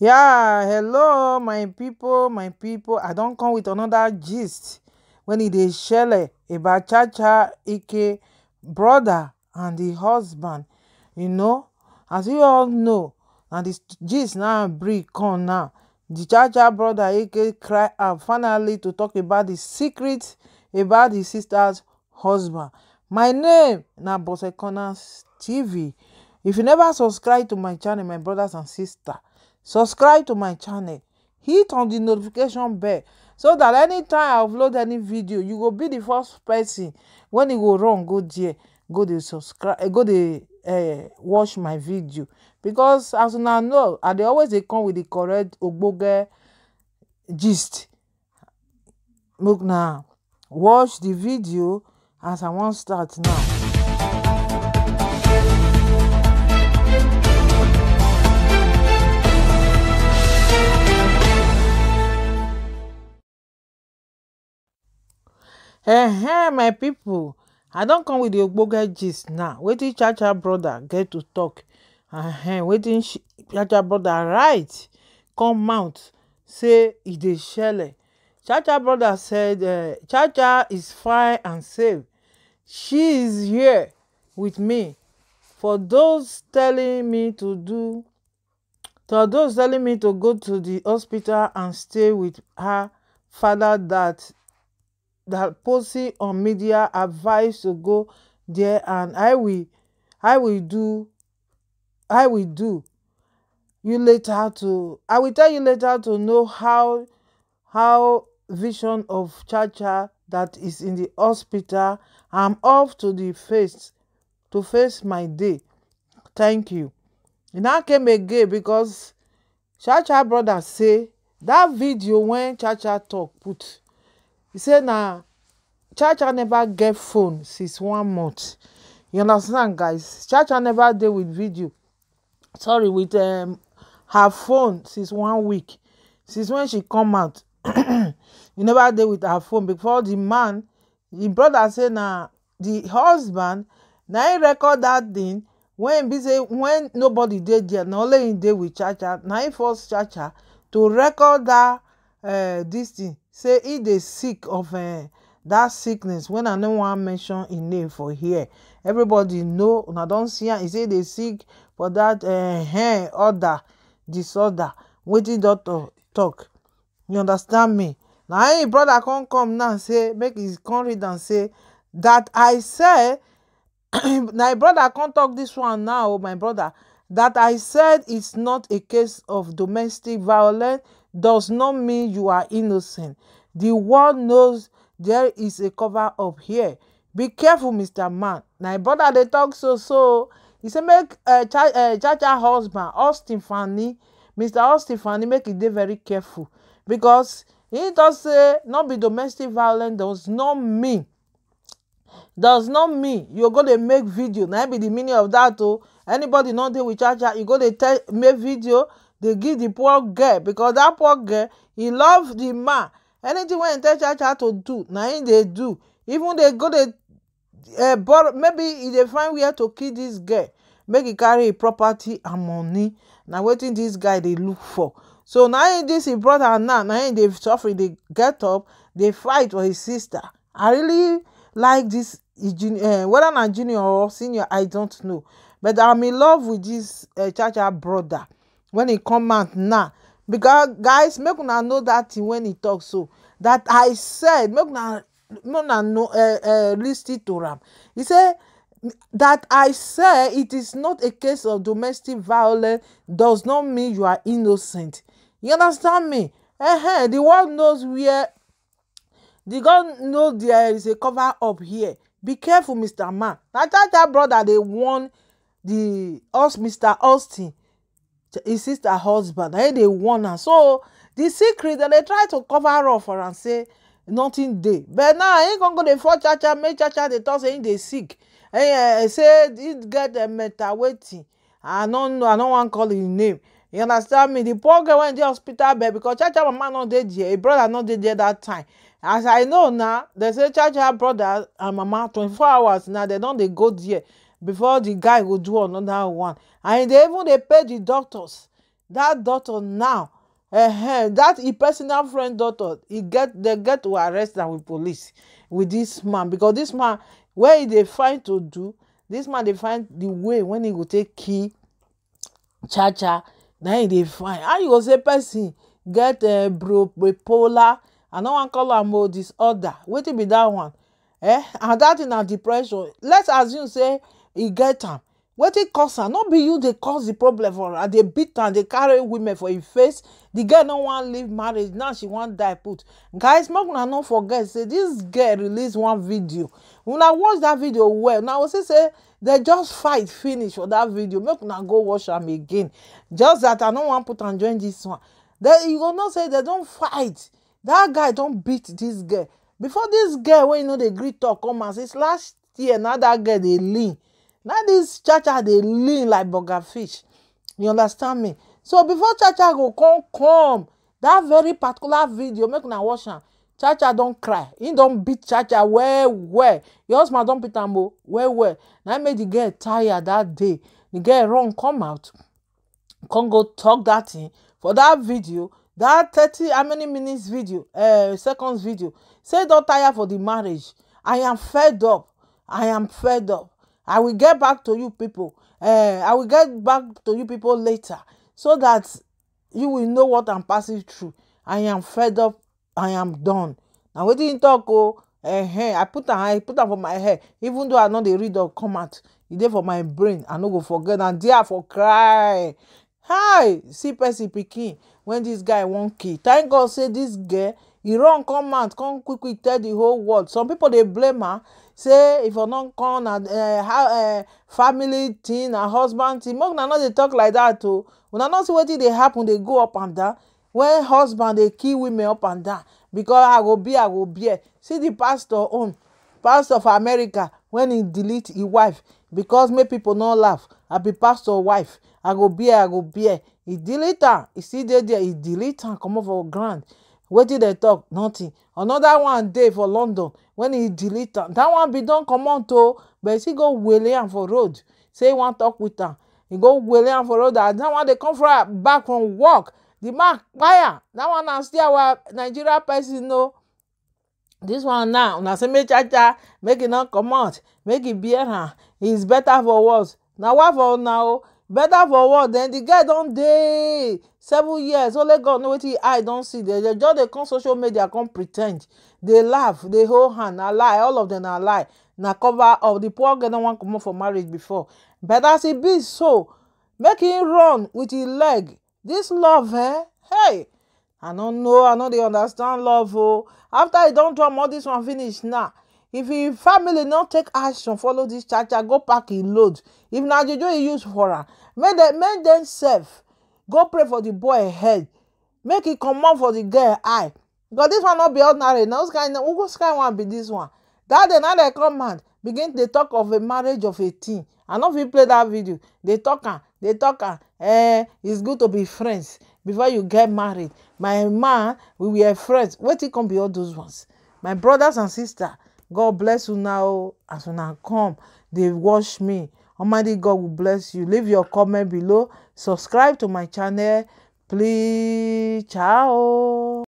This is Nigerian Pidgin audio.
yeah hello my people, my people. i don come with another gist When he dey shele about chacha ike brother and the husband you know as you all know and di gist now bring come now The chacha brother ike cry out finally to talk about di secret about di sisters husband my name na bosekona tv if you never subscribe to my channel my brothers and sisters subscribe to my channel hit on the notification bell so that anytime i upload any video you go be the first person when e go run go there go dey subscribe go dey uh, watch my video because as una know i dey always dey come with the correct ogbonge gist make una watch the video as i wan start now. Ehen my people, I don come with the ogbonge gist now wetin Chacha brother get to talk um wetin Chacha brother write come out. say e dey shele. Chacha brother said uh, eh, Chacha is fine and safe. She is here with me for those telling me to do for those telling me to go to the hospital and stay with her father that that posting on media advised to go there and I will I will do I will do you later to I will tell you later to know how how vision of Chacha that is in the hospital I'm off to the face to face my day thank you e And I came again because Chacha brother say that video when Chacha talk put e say na chacha never get phone since one month you understand guys chacha never deal with video sorry with um, her phone since one week since when she come out you never deal with her phone before the man the brother say now, the husband Now he record that thing when be say when nobody dey there na only im dey with chacha Now he force chacha to record dat uh, this thing say e dey sick of eh, that sickness when i no wan mention im name for here everybody know una don see am e say e dey sick for dat ehn eh, order disorder wetin doctor talk you understand me na im brother come come now say make e come read am say that i said na im brother come talk this one now oh, my brother that i said it's not a case of domestic violence does not mean you are innocent. The world knows there is a cover up here. Be careful, Mr. Man. Na him brother dey talk so so. He said, make uh, eh, Chacha uh, eh, cha -cha husband Austin Fanny, Mr. Austin Fanny, make it dey very careful because he does say no be domestic violence does not mean does not mean you're go dey make video na be the meaning of that though. anybody not there with Cha Cha, you go dey make video dey give the poor girl because that poor girl he love the man anything wey him tell chacha to do na him dey do even dey go dey eh, borrow maybe e dey find where to kill this girl make he carry him property and money na wetin this guy dey look for so na him this him brother now na him dey suffer dey get up dey fight for his sister i really like this dis eh, whether na junior or senior i don't know but i'm in love with dis eh, chacha brother When he come out now because guys make una know that thing wen e talk so that i said make una make una no uh, eh, uh, eh, lis ten to am He say that i say it is not a case of domestic violence does not mean you are innocent you understand me uh -huh. the world knows where the god know there is a cover up here be careful mr man na that that brother dey warn the us mr austin his sister husband na him dey warn am so the secret dem dey try to cover up for am say nothing dey but now him come go dey fall chacha make chacha dey talk say him dey sick He uh, eh, say he get uh, eh, mental wetin i no know i no wan call him name you understand me the poor girl wey dey hospital bed because chacha mama no dey there him brother no dey there that time as i know now they say chacha brother and mama twenty-four hours Now they don dey go there before the guy go do another one and they even dey pay the doctors that doctor now uh-huh, that e personal friend doctor e get dey get to arrest am with police with this man because this man wey e dey find to do this man dey find the way when he go take kill chacha na him dey find how you go say person get uh, bipolar i no wan call am o oh, disorder wetin be that one eh and that thing na depression let's assume say e get am wetin cause am no be you dey cause the problem for her dey beat am dey carry women for im face the girl no wan leave marriage now she wan die put guys make una no forget say this girl release one video una watch that video well una go see say dem just fight finish for that video make una go watch am again just that i no wan put am join this one then you go know say dem don fight that guy don beat this girl before this girl wey you no know, dey gree talk come out since last year na that girl dey lean Now this chacha dey lean like burger fish you understand me so before chacha go come come that very particular video make una watch am chacha don cry he don beat chacha well well your husband don beat am oh, well well na make di girl tire that day di girl run come out come go talk that thing for that video That thirty how many minutes video uh, seconds video say don tire for the marriage i am fed up i am fed up I will get back to you people. Uh, I will get back to you people later so that you will know what I'm passing through. I am fed up. I am done. Na wetin he talk Oh, Uh eh, -huh. Eh, I put am I put am for my head. Even though I know e dey read or comment, It's there for my brain. I no go forget. And there for cry. Hi, see Percy pikin when this guy wan kill. Thank God say this girl, he run comment. come quick quick tell the whole world. Some people they blame her say if for don come na eh, eh, family thing na husband thing make una no dey talk like dat o una no see wetin dey happen dey go up and down When husband dey kill women up and down because i go be i go bear see the pastor own pastor for america when he delete e wife because make people no laugh i be pastor wife i go bear i go bear He delete am He still dey there He delete am comot for ground wetin dem talk nothing another one dey for london when he delete am dat one bin don comot o but he still go wele am for road say he wan talk with am He go wele am for road as dat one dey come from back from work the man kpaya That one na still our nigeria person know this one now una say make chacha make e no comot make e bear am is better for worse na why for una o better for worse den the guy don dey seven years only god know wetin eye don see dem just dey come social media come pretend dey laugh dey hold hand na lie all of them na lie na cover of the poor girl don wan comot for marriage before but as e be so make him run with him leg This love eh hey i no know i no dey understand love o oh. after e don do all this one finish now if im family no take action follow this chacha go pack im load if na juju e use for am make dem sef go pray for the boy head make e comot for the girl eye but this one no be ordinary na whose kind one be dis one dat day na dem come out begin dey talk of a marriage of a teen i no fit play that video dey talk am dey talk am eh its good to be friends before you get married my man we were friends wetin come be all those ones my brothers and sisters god bless una o as una come dey watch me Almighty God will bless you. Leave your comment below. Subscribe to my channel. Please. Ciao.